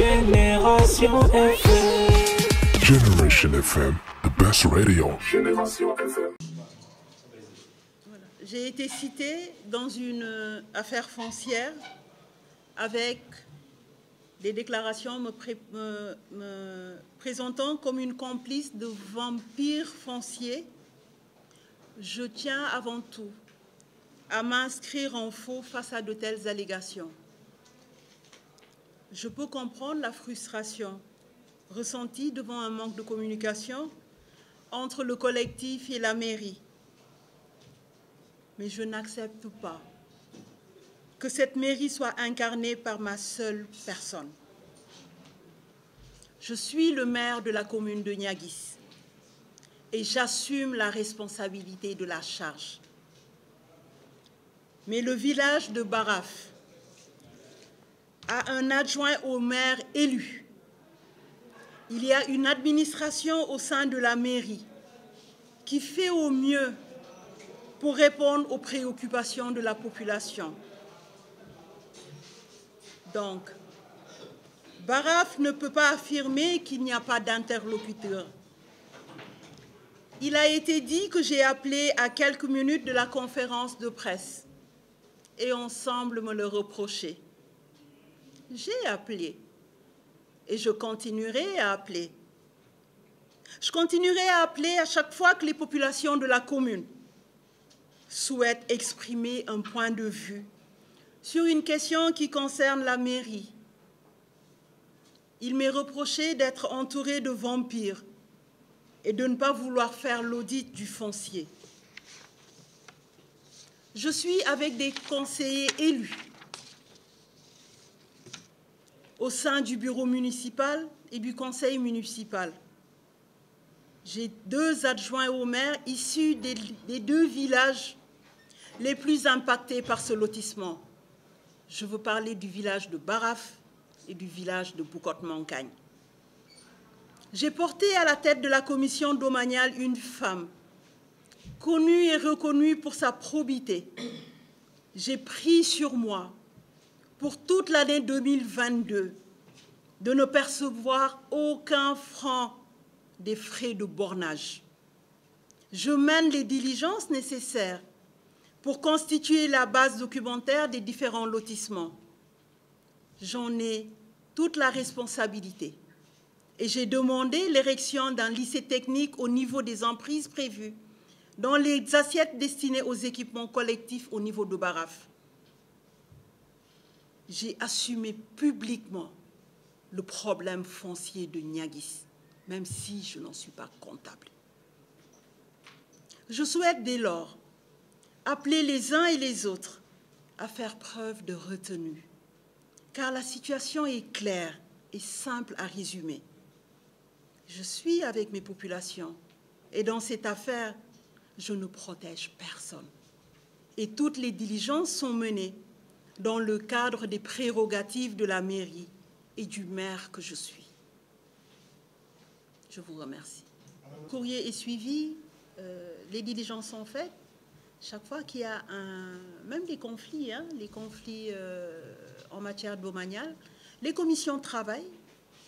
Génération FM. FM, the best radio. J'ai été citée dans une euh, affaire foncière avec des déclarations me présentant comme une complice de vampires fonciers. Je tiens avant tout à m'inscrire en faux face à de telles allégations je peux comprendre la frustration ressentie devant un manque de communication entre le collectif et la mairie. Mais je n'accepte pas que cette mairie soit incarnée par ma seule personne. Je suis le maire de la commune de Niagis et j'assume la responsabilité de la charge. Mais le village de Baraf, à un adjoint au maire élu. Il y a une administration au sein de la mairie qui fait au mieux pour répondre aux préoccupations de la population. Donc, Baraf ne peut pas affirmer qu'il n'y a pas d'interlocuteur. Il a été dit que j'ai appelé à quelques minutes de la conférence de presse et on semble me le reprocher. J'ai appelé et je continuerai à appeler. Je continuerai à appeler à chaque fois que les populations de la commune souhaitent exprimer un point de vue sur une question qui concerne la mairie. Il m'est reproché d'être entouré de vampires et de ne pas vouloir faire l'audit du foncier. Je suis avec des conseillers élus au sein du bureau municipal et du conseil municipal. J'ai deux adjoints au maire issus des, deux villages les plus impactés par ce lotissement. Je veux parler du village de Baraf et du village de Boucotte-Mancagne. J'ai porté à la tête de la commission domaniale une femme, connue et reconnue pour sa probité. J'ai pris sur moi pour toute l'année 2022 de ne percevoir aucun franc des frais de bornage. Je mène les diligences nécessaires pour constituer la base documentaire des différents lotissements. J'en ai toute la responsabilité et j'ai demandé l'érection d'un lycée technique au niveau des emprises prévues dans les assiettes destinées aux équipements collectifs au niveau de Baraf j'ai assumé publiquement le problème foncier de Niagis, même si je n'en suis pas comptable. Je souhaite dès lors appeler les uns et les autres à faire preuve de retenue, car la situation est claire et simple à résumer. Je suis avec mes populations et dans cette affaire, je ne protège personne. Et toutes les diligences sont menées dans le cadre des prérogatives de la mairie et du maire que je suis. Je vous remercie. courrier est suivi, euh, les diligences sont faites. Chaque fois qu'il y a un, même des conflits, hein, les conflits euh, en matière de domaniale, les commissions travaillent,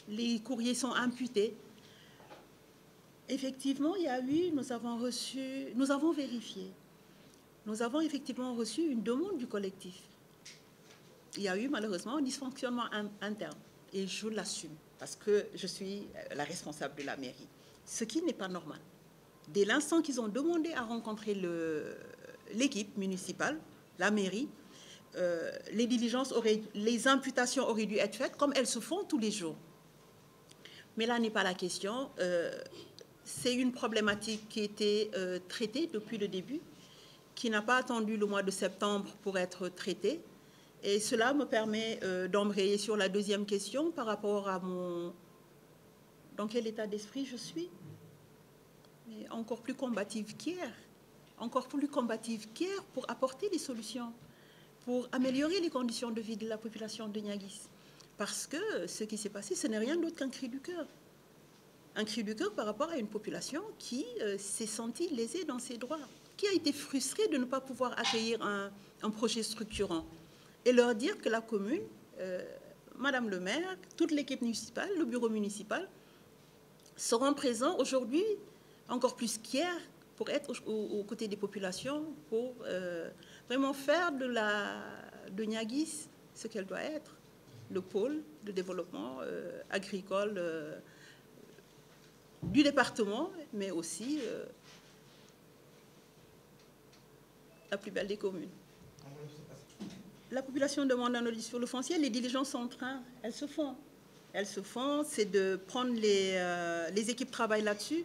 les courriers sont imputés. Effectivement, il y a eu, nous avons reçu, nous avons vérifié. Nous avons effectivement reçu une demande du collectif il y a eu malheureusement un dysfonctionnement interne. Et je l'assume parce que je suis euh, la responsable de la mairie, ce qui n'est pas normal. Dès l'instant qu'ils ont demandé à rencontrer euh, l'équipe municipale, la mairie, euh, les diligences auraient, les imputations auraient dû être faites comme elles se font tous les jours. Mais là n'est pas la question. c'est une problématique qui était euh, traitée depuis le début, qui n'a pas attendu le mois de septembre pour être traitée. Et cela me permet euh, d'embrayer sur la deuxième question par rapport à mon... Dans quel état d'esprit je suis Encore plus combative qu'hier. Encore plus combative qu'hier pour apporter des solutions, pour améliorer les conditions de vie de la population de Niagis. Parce que ce qui s'est passé, ce n'est rien d'autre qu'un cri du cœur. Un cri du cœur par rapport à une population qui euh, s'est sentie lésée dans ses droits, qui a été frustrée de ne pas pouvoir accueillir un projet structurant et leur dire que la commune, euh, Madame le maire, toute l'équipe municipale, le bureau municipal, seront présents aujourd'hui, encore plus qu'hier, pour être aux, côtés des populations, pour euh, vraiment faire de, la, de Niagis ce qu'elle doit être, le pôle de développement euh, agricole du département, mais aussi la plus belle des communes la population demande un audit sur le foncier, les diligences sont en train, elles se font. Elles se font, c'est de prendre les, équipes euh, les équipes travaillent là-dessus.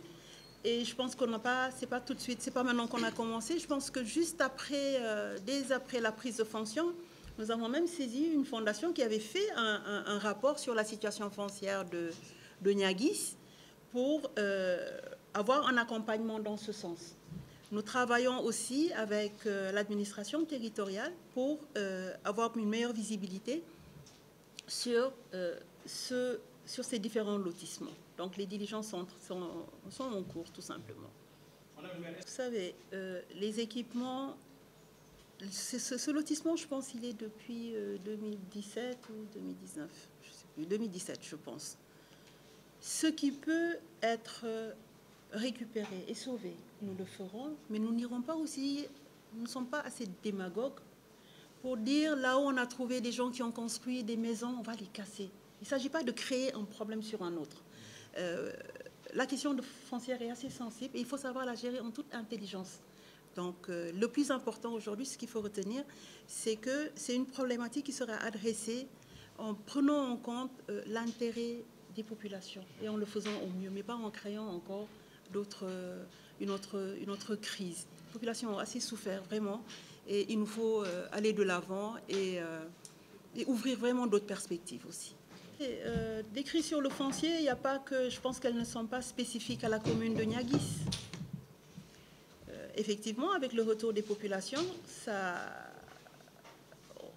Et je pense qu'on n'a pas, c'est pas tout de suite, c'est pas maintenant qu'on a commencé. Je pense que juste après, euh, dès après la prise de fonction, nous avons même saisi une fondation qui avait fait un, rapport sur la situation foncière de, de Niagis pour euh, avoir un accompagnement dans ce sens. Nous travaillons aussi avec euh, l'administration territoriale pour euh, avoir une meilleure visibilité euh, sur, ces différents lotissements. Donc les diligences sont, en cours, tout simplement. Vous savez, les équipements, ce, lotissement, je pense, il est depuis 2017 ou 2019, je sais plus, 2017, je pense. Ce qui peut être récupérer et sauver, nous le ferons, mais nous n'irons pas aussi, nous ne sommes pas assez démagogues pour dire là où on a trouvé des gens qui ont construit des maisons, on va les casser. Il ne s'agit pas de créer un problème sur un autre. Euh, la question de foncière est assez sensible et il faut savoir la gérer en toute intelligence. Donc euh, le plus important aujourd'hui, ce qu'il faut retenir, c'est que c'est une problématique qui sera adressée en prenant en compte euh, l'intérêt des populations et en le faisant au mieux, mais pas en créant encore euh, une, autre, une autre crise. Les populations ont assez souffert, vraiment, et il nous faut euh, aller de l'avant euh, et, ouvrir vraiment d'autres perspectives aussi. Et, des sur le foncier, il n'y a pas que, je pense qu'elles ne sont pas spécifiques à la commune de Niagis. effectivement, avec le retour des populations, ça,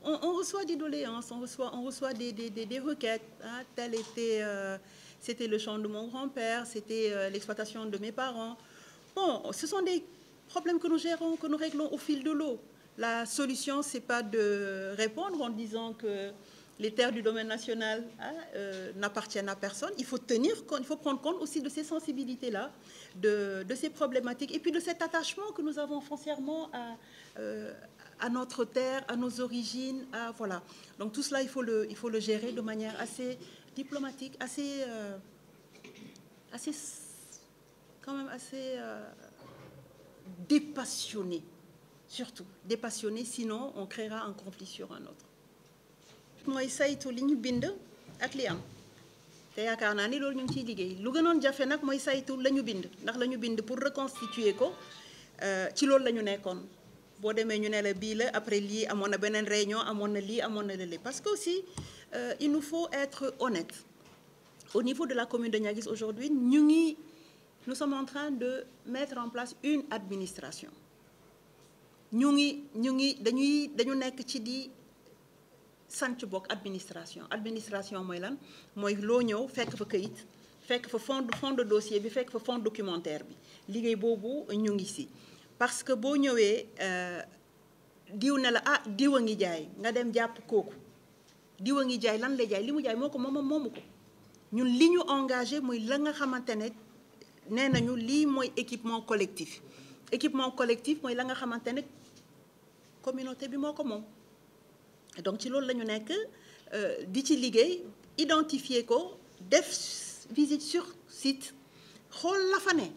on, reçoit des doléances, on reçoit, on reçoit des, requêtes. Hein, tel était c'était le champ de mon grand-père, c'était euh, l'exploitation de mes parents. Bon, ce sont des problèmes que nous gérons, que nous réglons au fil de l'eau. La solution, ce n'est pas de répondre en disant que les terres du domaine national hein, euh, n'appartiennent à personne. Il faut tenir compte, il faut prendre compte aussi de ces sensibilités-là, de, ces problématiques, et puis de cet attachement que nous avons foncièrement à, euh, à notre terre, à nos origines, à, voilà. Donc tout cela, il faut le, il faut le gérer de manière assez diplomatique, assez, euh, assez, quand même assez euh, dépassionné, surtout dépassionné, sinon on créera un conflit sur un autre. Moi, saytu li ñu bind binde li am te yaakaar naa ni loolu ñu ngi ciy liggéey lu gënoon jafe nag mooy saytu la ñu bind ndax la bind pour reconstituer ko euh, ci loolu la ñu nekkoon boo demee ñu ne la la après lii amoon na beneen réunion à mon lii à mon lële parce que aussi. Euh, il nous faut être honnêtes. Au niveau de la commune de Niagis aujourd'hui, nous, nous sommes en train de mettre en place une administration. Nous, nous, nous, sant de administration administration mooy lan administration loo ñëw fekk fa këyit fekk fa fond fond de dossier bi fekk fa fond documentaire bi liggéey boobu ñu ngi si parce que boo ñëwee euh, diw ne la ah diw a ngi jaay nga dem jàpp kooku di wangi jay lan lay jay limu jay moko moo momuko ñun liñu engager moy la nga xamantene ne nee nañu lii mooy équipement collectif équipement collectif moy la nga xamantene communauté bi moko mom donc ci loolu lañu ñu euh di ci liggéey identifier ko def visite sur site xol la fa ne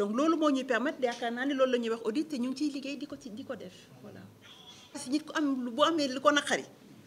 donc loolu mo ñuy permettre yaakaar naa ni loolu lañuy wax audit te ñu ci ciy liggéey di ko ci di ko def voilà. parce nit ko am bu amé liko ko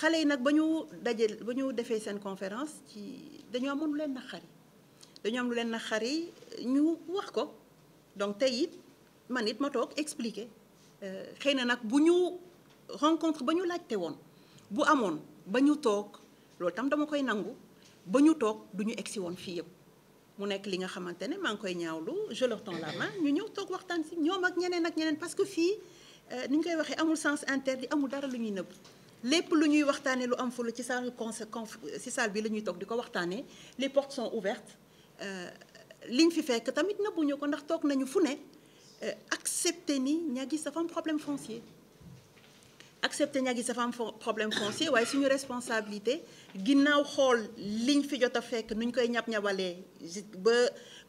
xale yi nag ba ñu daje ba ñu defee seen conférence ci dañoo amoon lu leen naqari dañoo am lu leen naqari ñu wax ko donc tey it man it ma toog expliquer euh, xëy na nag bu ñu rencontre ba ñu laajte woon bu amoon ba ñu toog loolu tam dama koy nangu ba ñu toog du ñu egsi woon fii yëpp mu nekk li nga xamante ne maa ngi koy ñaawlu je leur tends la main ñu ñëw toog waxtaan si ñoom ak ñeneen ak ñeneen parce que fii euh, ni ñu koy waxee amul sens interdit amul dara lu ñuy nëbb lépp lu ñuy waxtaanee lu am fulu ci salle ci salle bi la ñuy toog di ko waxtaanee les portes sont ouvertes euh, liñ fi fekk tamit nëbbuñu ko ndax toog nañu fu ne euh, accepter ni Niaguis dafa am problème foncier. accepter Niaguis dafa am problème foncier waaye suñu responsabilité ginnaaw xool liñ fi jot a fekk nuñ koy ñab-ñabalee ba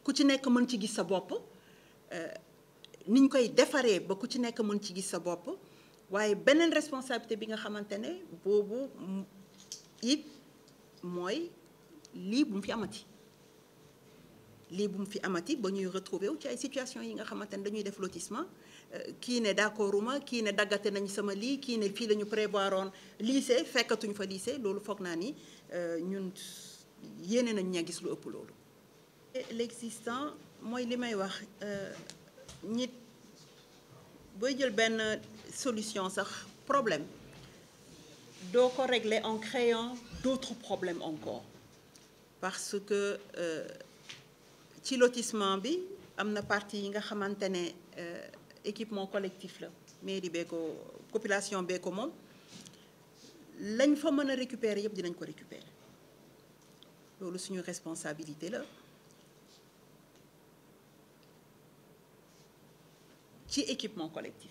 ku ci nekk mën ci gis sa bopp euh, niñ koy defaree ba ku ci nekk mën ci gis sa bopp waye benen responsabilité bi nga xamantene bobu boobu it mooy lii bu mu fi amati li bu mu fi amati ba ñuy retrouver wu ci ay situation yi nga xamantene dañuy def lotissement euh, ki ne d'accorduma ki ne daggate nañ sama li ki ne fi lañu ñu prévoiroon lycée fekkatuñ fa lycée lolu foog naa ni euh, ñun yene nañ ña gis lu ëpp lolu l'existant moy li may wax euh, nit boy jël ben solution à ce problème Donc, on régler en créant d'autres problèmes encore parce que le euh, lotissement bi a une partie qui a xamante euh, équipement collectif la mairie bee ko population bee ko il lañ fa a récupérer yëpp dinañ ko récupérer c'est une responsabilité là, l'équipement équipement collectif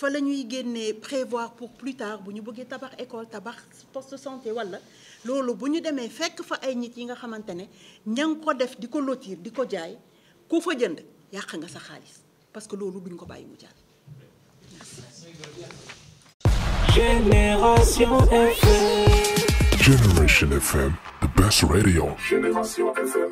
fa la ñuy prévoir pour plus tard bu ñu bëggee tabax école tabax poste de santé wala loolu bu ñu demee fekk fa ay nit yi nga xamante ne def di lotir di ko jaay ku fa jënd yàq nga sa xaalis parce que loolu duñ ko bàyyi mu jàll. Génération FM. Génération FM, the best radio. Génération FM.